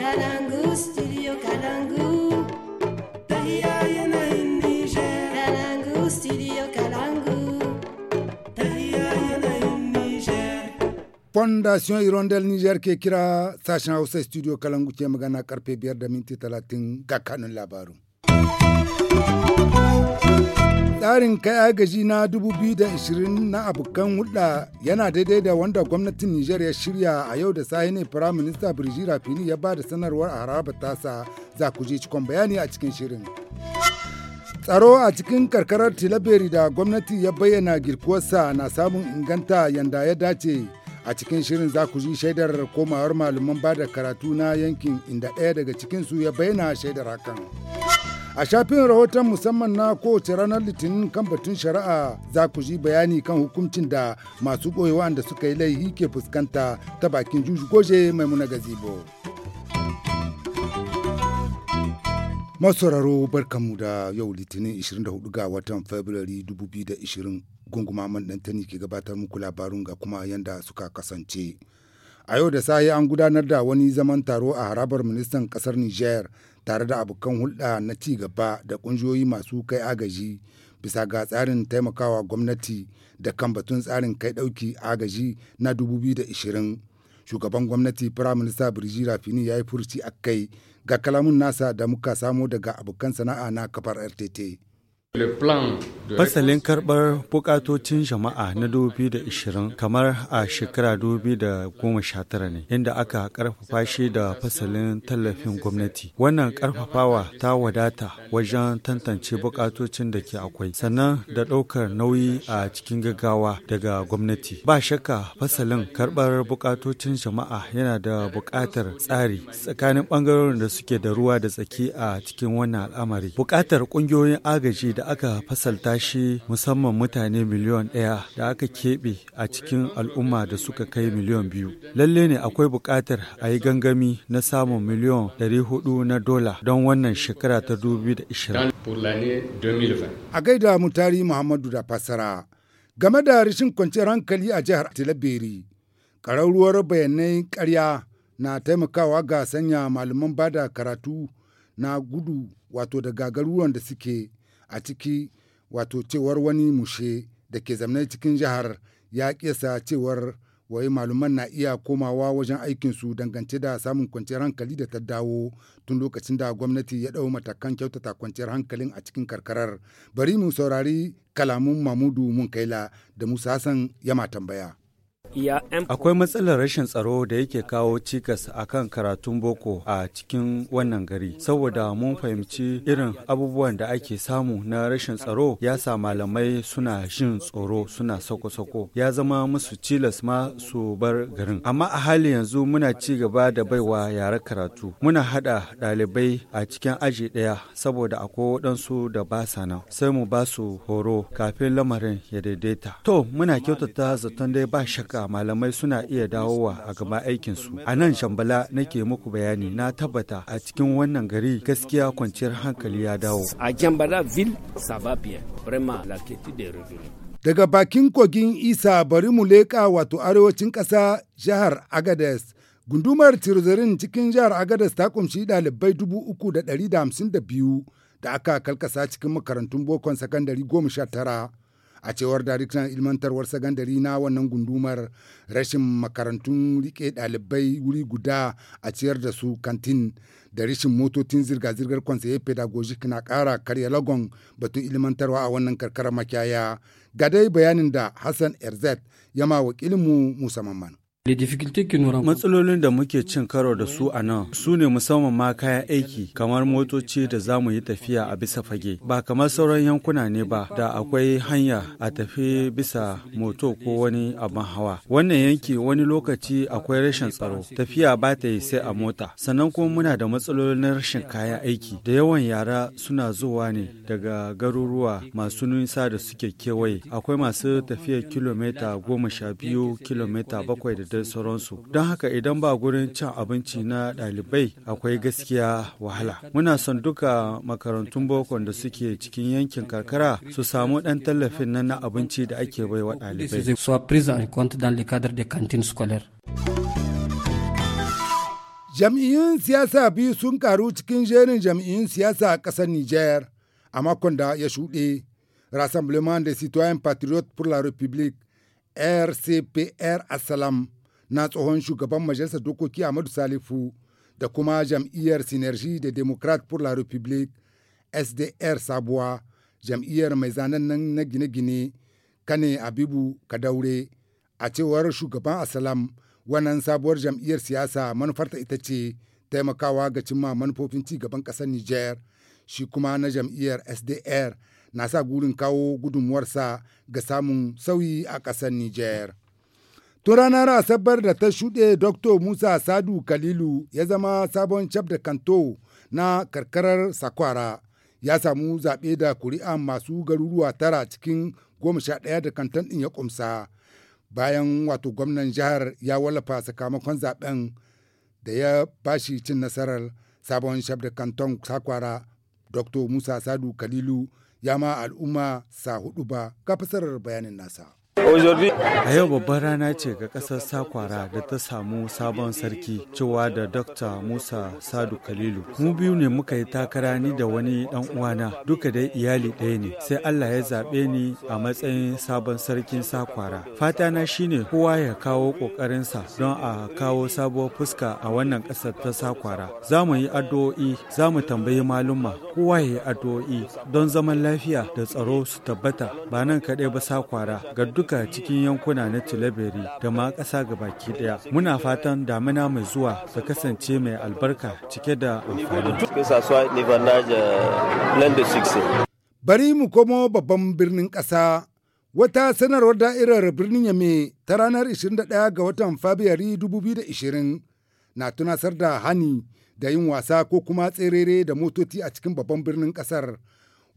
Kalangu, studio Kalangu. yana Kalangu, studio Kalangu. yana Fondation Hirondel Niger ke kira sashen Hausa studio Kalangu ce magana karfe biyar da minti talatin ga kanun labaru. Tsarin kai agaji na 2020 na abokan hulɗa yana daidai da wanda gwamnatin Nijar ya shirya a yau da sahi ne Firayim Minista Birjira Fini ya ba da sanarwar a haraba tasa za ku je cikon bayani a cikin shirin. Tsaro a cikin karkarar Tilaberi da gwamnati ya bayyana girkuwarsa na samun inganta yanda ya dace a cikin shirin za ku ji shaidar komawar malaman ba da karatu na yankin inda ɗaya daga cikinsu ya bayyana shaidar hakan. A shafin rahoton musamman na kowace ranar litinin kan batun shari'a za ku ji bayani kan hukuncin da masu ɓoyewa da suka yi laihi ke fuskanta ta bakin juju goje muna gazebo. Masauraro barkanmu da yau litinin 24 ga watan Fabrairu 2020 gunguma man dantani ke gabatar muku labarun ga kuma yanda suka kasance. A yau da sahi an gudanar da wani zaman taro a harabar ministan ƙasar Nijar tare da abokan hulɗa na ci gaba da ƙungiyoyi masu kai agaji bisa ga tsarin taimakawa gwamnati da kan batun tsarin kai ɗauki agaji na 2020 shugaban gwamnati firaminista birji rafini ya yi furci a kai ga kalamun nasa da muka samo daga abokan sana'a na kafar rtt Fasalin karɓar bukatocin jama'a na 2020 kamar a shekara 2019 ne, inda aka karfafa shi da fasalin tallafin gwamnati. Wannan karfafawa ta wadata wajen tantance bukatocin da ke akwai, sannan da ɗaukar nauyi a cikin gaggawa daga gwamnati. Ba shakka fasalin karɓar bukatocin jama'a yana da buƙatar tsari tsakanin ɓangarorin da suke da ruwa da tsaki a cikin wannan al'amari. Buƙatar ƙungiyoyin agaji da da aka fasalta shi musamman mutane miliyon ɗaya da aka keɓe a cikin al'umma da suka kai miliyon biyu. Lalle ne akwai buƙatar a yi gangami na samun miliyon ɗari hudu na dola don wannan shekara ta 2020. A gaida mutari Muhammadu da fassara game da rashin kwanciyar hankali a jihar Tilaberi, ƙararruwar bayanai ƙarya na taimakawa ga sanya malaman bada karatu na gudu wato daga garuruwan da suke a ciki wato cewar wani mushe da ke zamne cikin jihar ya kesa cewar wai maluman na iya komawa wajen aikinsu dangance da samun kwanciyar hankali da ta dawo tun lokacin da gwamnati ya ɗau matakan kyautata kwanciyar hankalin a cikin karkarar bari mu saurari kalamun mamudu munkaila da musa hassan yama tambaya Akwai matsalar rashin tsaro da yake kawo cikas a kan karatun boko a cikin wannan gari. Saboda mun fahimci irin abubuwan da ake samu na rashin tsaro ya sa malamai suna jin tsoro suna sako-sako. Ya zama musu cilas ma su bar garin. Amma a halin yanzu muna ci gaba da baiwa yare karatu. Muna haɗa ɗalibai a cikin aji ɗaya saboda akwai waɗansu da ba sa nan. Sai mu ba su horo kafin lamarin ya daidaita. To muna kyautata zaton dai ba shakka malamai suna iya dawowa a gaba aikinsu. A nan Shambala nake muku bayani na tabbata a cikin wannan gari gaskiya kwanciyar hankali ya dawo. A ville Daga bakin kogin Isa bari mu leka wato arewacin ƙasa jihar Agades. Gundumar tirzarin cikin jihar Agadas ta kumshi ɗalibai uku da da da da hamsin biyu aka kalkasa cikin makarantun bokon sakandare goma tara. a cewar darikta ilmantarwar sagandari na wannan gundumar rashin makarantun rike ɗalibai wuri guda a ciyar da su kantin da rashin motocin zirga-zirgar kwansaye pedagogic na kara karya lagon batun ilmantarwa a wannan karkarar makiyaya ga dai bayanin da hassan erzet ma wakilinmu musamman Matsalolin da muke cin karo da su a nan su ne musamman ma kayan aiki kamar motoci da za mu yi tafiya a bisa fage. Ba kamar sauran yankuna ne ba da akwai hanya a tafi bisa moto ko wani abin hawa. Wannan yanki wani lokaci akwai rashin tsaro. Tafiya ba ta yi sai a mota. Sannan kuma muna da matsalolin na rashin kayan aiki. Da yawan yara suna zuwa ne daga garuruwa masu nisa da suke kewaye. Akwai masu tafiya kilomita goma sha biyu kilomita bakwai da dai sauransu don haka idan ba gurin cin abinci na ɗalibai akwai gaskiya wahala muna son duka makarantun boko da suke cikin yankin karkara su samu ɗan tallafin nan na abinci da ake baiwa ɗalibai jam'iyyun siyasa biyu sun karu cikin jerin jam'iyyun siyasa a ƙasar niger a makon da ya shuɗe rassemblement des citoyens patriotes pour la république rcpr assalam na tsohon shugaban majalisar dokoki Ahmadu Salifu da kuma jam'iyyar Synergie da Democrat pour la République SDR Sabuwa, jam'iyyar mai zanen nan na gine-gine Kane Abibu Kadaure. A cewar shugaban Asalam, wannan sabuwar jam'iyyar siyasa manufarta ita ce taimakawa ga cimma manufofin ci gaban ƙasar Nijar, shi kuma na jam'iyyar SDR na sa gurin kawo gudunmuwarsa ga samun sauyi a ƙasar Nijar. To ranar Asabar da ta shuɗe Dr. Musa Sadu Kalilu ya zama sabon cap da kanto na karkarar Sakwara. Ya samu zaɓe da kuri'a masu garuruwa tara cikin goma sha ɗaya da kantan ɗin ya ƙumsa. Bayan wato gwamnan jihar ya wallafa sakamakon zaɓen da ya bashi cin nasarar sabon shab da kanton Sakwara Dr. Musa Sadu Kalilu ya ma al'umma sa hudu ba ga fasarar bayanin nasa. A yau babbar rana ce ga ƙasar Sakwara da ta samu sabon sarki cewa da Dr. Musa Sadu Kalilu. Mu biyu ne muka yi takara ni da wani ɗan uwana duka dai iyali ɗaya ne. Sai Allah ya zaɓe ni a matsayin sabon sarkin Sakwara. Fata na shine kowa ya kawo ƙoƙarinsa don a kawo sabuwar fuska a wannan ƙasar ta Sakwara. Za mu yi addu'o'i, za mu tambayi malumma, kowa ya yi addu'o'i don zaman lafiya da tsaro su tabbata ba nan kaɗai ba Sakwara ga duk duka cikin yankuna na tilaberi da ma ƙasa baki daya Muna fatan damina mai zuwa ta kasance mai albarka cike da amfani. Bari mu komo babban birnin ƙasa wata sanarwar da'irar birnin Yame ta ranar 21 ga watan Fabiyari 2020 na tunasar da hani da yin wasa ko kuma tserere da motoci a cikin babban birnin ƙasar.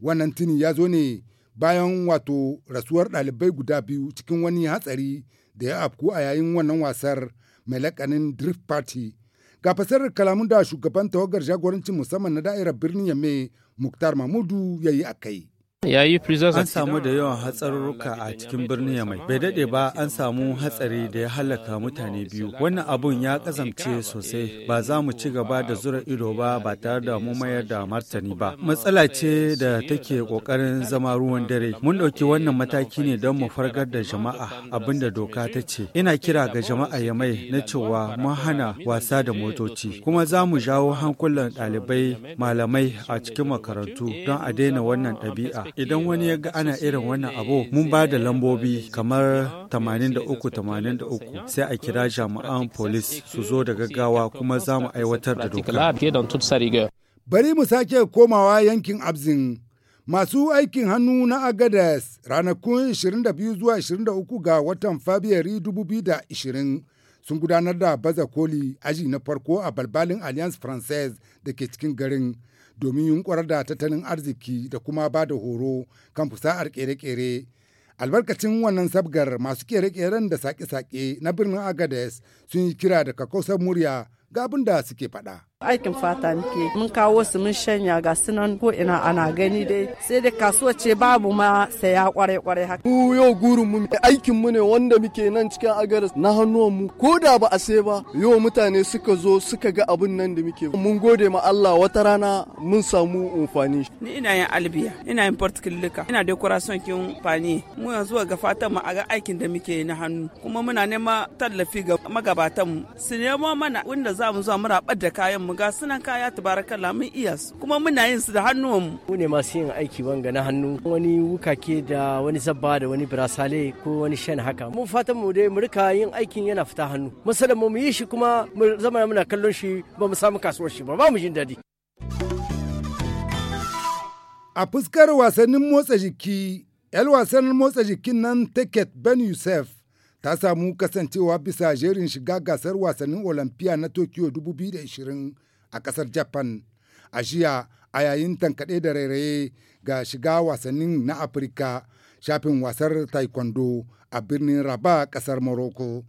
Wannan tuni ya zo ne bayan wato rasuwar ɗalibai guda biyu cikin wani hatsari da ya afku a yayin wannan wasar mai lakanin drift party ga fasarar kalamun da shugaban tawagar jagorancin musamman na da'irar birnin yamme muktar mahmudu ya yi a kai ya yi an samu da yawan hatsarurruka a cikin birnin yamai bai dade ba an samu hatsari da ya halaka mutane biyu wannan abun ya kazamce sosai ba za mu ci gaba da zura ido ba ba tare da mu mayar da martani ba matsala ce da take kokarin zama ruwan dare mun ɗauki wannan mataki ne don mu fargar da jama'a abinda doka ta ce ina kira ga jama'a yamai na cewa mun hana wasa da motoci kuma za mu jawo hankulan ɗalibai malamai a cikin makarantu don a daina wannan ɗabi'a idan wani ya ga ana irin wannan abu mun ba da lambobi kamar 83-83 sai a kira jami'an polis su zo da gaggawa kuma za mu aiwatar da doka. Bari mu sake komawa yankin Abzin. Masu aikin hannu na Agadas ranakun 22 zuwa 23 ga watan Fabiyari 2020 sun gudanar da baza koli aji na farko a balbalin Alliance francaise da ke cikin garin. domin yunkwar da tattalin arziki da kuma ba da horo kan fusa'ar kere-kere. Albarkacin wannan sabgar masu kere-keren da sake-sake na birnin Agades sun yi kira da kakkausar murya ga abin da suke faɗa. aikin fata nike mun kawo su mun shanya ga sunan ko ina ana gani dai sai da kasuwa ce babu ma saya kwarai kwarai haka mu yau gurin mu aikin mu ne wanda muke nan cikin agaras na hannuwan mu ko da ba a sai ba yau mutane suka zo suka ga abin nan da muke mun gode ma Allah wata rana mun samu amfani ni ina yin albiya ina yin portkillika ina decoration kin fani mu yanzu ga fatan mu a ga aikin da muke na hannu kuma muna nema tallafi ga magabatan mu su nemo mana wanda za mu zo mu rabar da kayan mu ga suna kaya ta mun iya su kuma muna yin su da hannuwanmu mu ne masu yin aiki wanga na hannu wani wukake da wani zabba da wani birasale ko wani shan haka mu fatan mu dai mu rika yin aikin yana fita hannu musalan mu yi shi kuma mu zama muna kallon shi ba mu samu kasuwar shi ba ba mu jin daɗi a fuskar wasannin motsa jiki 'yan wasan motsa jikin nan ticket ben yusuf ta samu kasancewa bisa jerin shiga gasar wasannin Olamfiya na Tokyo 2020 a kasar Japan. A jiya a yayin tankaɗe da rairaye ga shiga wasannin na Afirka shafin wasar Taekwondo a birnin raba kasar Morocco.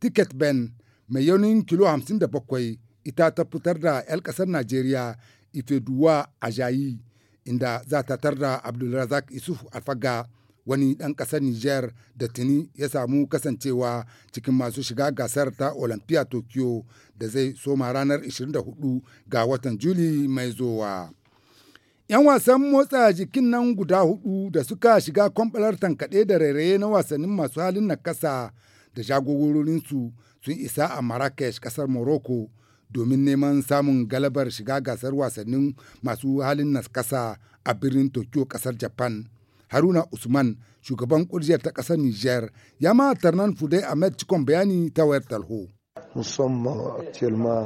Ticket Ben mai yaunin kilo 57 ita ta fitar da 'yan ƙasar Najeriya Ifeduwa Ajayi inda za ta tarda Abdulrazak Isuf Alfaga wani ɗan ƙasar Nijar da tuni ya samu kasancewa cikin masu shiga gasar ta Olympia Tokyo da zai soma ranar 24 ga watan Juli mai zowa. 'Yan wasan motsa jikin nan guda hudu da suka shiga kwamfalar tankaɗe da rairaye na wasannin masu halin na kasa da jagororinsu sun isa a Marrakesh ƙasar Morocco. domin neman samun galabar shiga gasar wasannin masu halin na kasa a birnin tokyo ƙasar japan Haruna Usman shugaban ƙungiyar ta ƙasar niger ya ma Tarnan Fudai Ahmed cikon bayani ta wayar talho.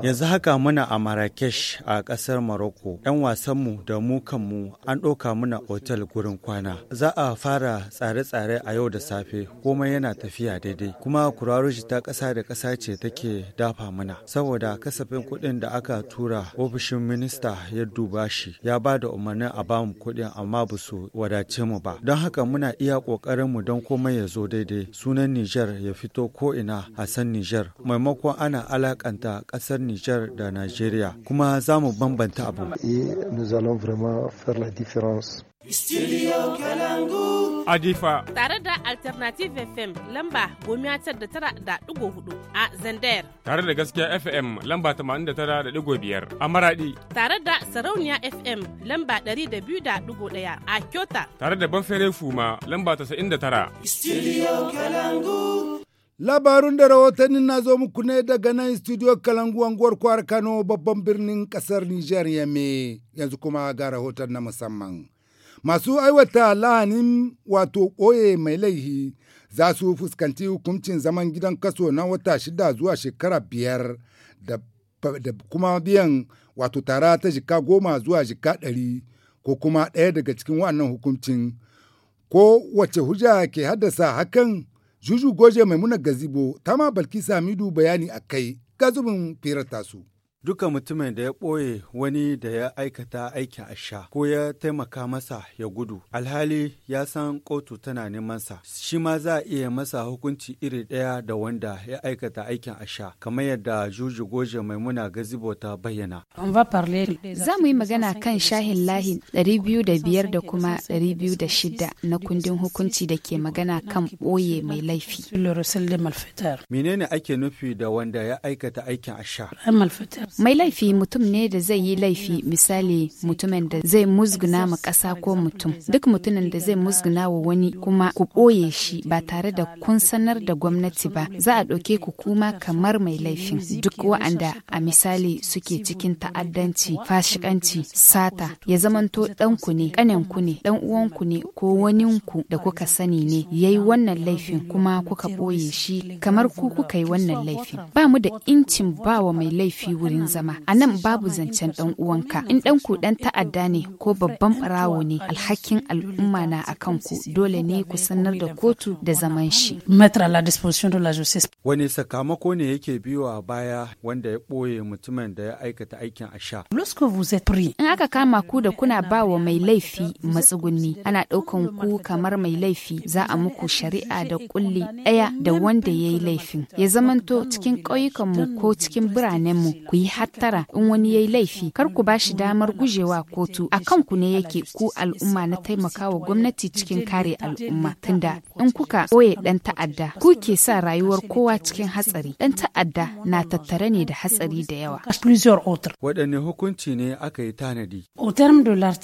Yanzu haka muna a Marrakesh a ƙasar Morocco. 'Yan wasanmu da mu kanmu an ɗauka muna otal gurin kwana. Za a fara tsare-tsare a yau da safe, komai yana tafiya daidai. Kuma kurarushi ta ƙasa da ƙasa ce take dafa mana. Saboda kasafin kuɗin da aka tura ofishin minista ya duba shi, ya ba da umarnin a ba mu kuɗin amma ba su wadace mu ba. Don haka muna iya ƙoƙarinmu don komai ya zo daidai. Sunan Nijar ya fito ko ina a san Nijar. Maimakon ana alakanta ƙasar Nijar da Najeriya kuma za mu bambanta abu. Studio Kalangu. Adifa. Tare da Alternative FM lamba gomiya tar da tara da ɗigo hudu a Zandayar. Tare da gaskiya FM lamba tamanin da tara da ɗigo biyar a Maradi. Tare da Sarauniya FM lamba ɗari da biyu da ɗigo ɗaya a Kyota. Tare da Banfere Fuma lamba tasa'in da tara. Studio Kalangu. Labarun da rahotannin na zo muku ne daga nan studio Kalangu anguwar kwar Kano babban birnin kasar Nijar Yame yanzu kuma ga rahoton na musamman. Masu aiwata lahanin wato ɓoye mai laihi za su fuskanci hukuncin zaman gidan kaso na wata shida zuwa shekara biyar da, kuma biyan wato tara ta jika goma zuwa jika ɗari ko kuma ɗaya daga cikin wannan hukuncin ko wace hujja ke haddasa hakan Juju Goje Maimuna Gazibo ta ma Balkisa midu bayani a kai ga zubin firar tasu. Duka mutumin da ya ɓoye wani da ya aikata aikin asha ko ya taimaka masa ya gudu, alhali ya san kotu tana nemansa, shi ma za a iya masa hukunci iri ɗaya da wanda ya aikata aikin asha, kamar yadda Juju Goje Maimuna Gazibo ta bayyana. Za mu yi magana kan shahin lahin 205 da kuma 206 na kundin hukunci da ke magana kan ɓoye mai laifi. Menene ake nufi da wanda ya aikata aikin sha? Mai laifi mutum ne da zai yi laifi misali mutumin da zai musguna ma ƙasa ko mutum. Duk mutumin da zai musguna wa wani kuma ku ɓoye shi ba tare da kun sanar da gwamnati ba za a ɗauke ku kuma kamar mai laifin. Duk wa'anda a misali suke cikin ta'addanci, fashikanci, sata ya zamanto ɗanku ne, ku ne, ɗan uwanku ne ko ku da kuka sani ne yayi wannan laifin kuma kuka ɓoye shi kamar ku kuka yi wannan laifin. Ba mu da incin ba wa mai laifi wurin wurin zama a nan babu zancen dan uwanka in dan ku dan ta'adda ne ko babban barawo ne alhakin al'umma na akan ku dole ne ku sanar da kotu da zaman shi wani sakamako ne yake biyo a baya wanda ya boye mutumin da ya aikata aikin asha in aka kama ku da kuna ba wa mai laifi matsugunni ana ɗaukan ku kamar mai laifi za a muku shari'a da kulli ɗaya da wanda yayi laifin ya zamanto cikin ƙauyukanmu ko cikin biranenmu ku yi hattara in wani ya yi laifi kar ku ba shi damar gujewa kotu a kanku ne yake ku al'umma na taimakawa gwamnati cikin kare al'umma tunda in kuka ɓoye ɗan ta'adda ku ke sa rayuwar kowa cikin hatsari ɗan ta'adda na tattare ne da hatsari da yawa. Waɗanne hukunci ne aka yi tanadi?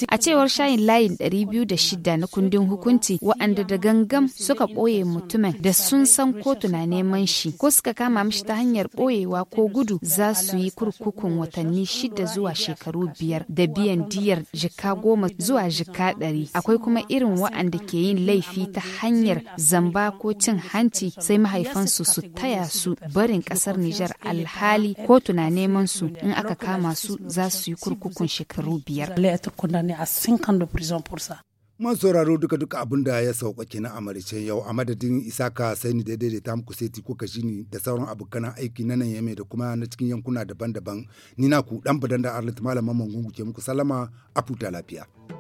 A cewar shayin layin 206 na kundin hukunci waɗanda da gangam suka ɓoye mutumin da sun san kotu na neman shi ko suka kama mishi ta hanyar ɓoyewa ko gudu za su yi kurkuku kurkukun watanni shida zuwa shekaru biyar da biyan diyar jika goma zuwa jika ɗari. Akwai kuma irin waɗanda ke yin laifi ta hanyar zamba ko cin hanci sai mahaifansu su taya su barin ƙasar Nijar alhali ko tuna neman su in aka kama su za su yi kurkukun shekaru biyar. Man sauraro duka-duka abin da ya sauka kenan a maricen yau a madadin Isaka daidai da ta muku seti kuka ni da sauran abokan aiki na nan yame da kuma na cikin yankuna daban-daban. Ni na ku dan badan da Arlit Malam Mamman Gungu ke muku salama a lafiya.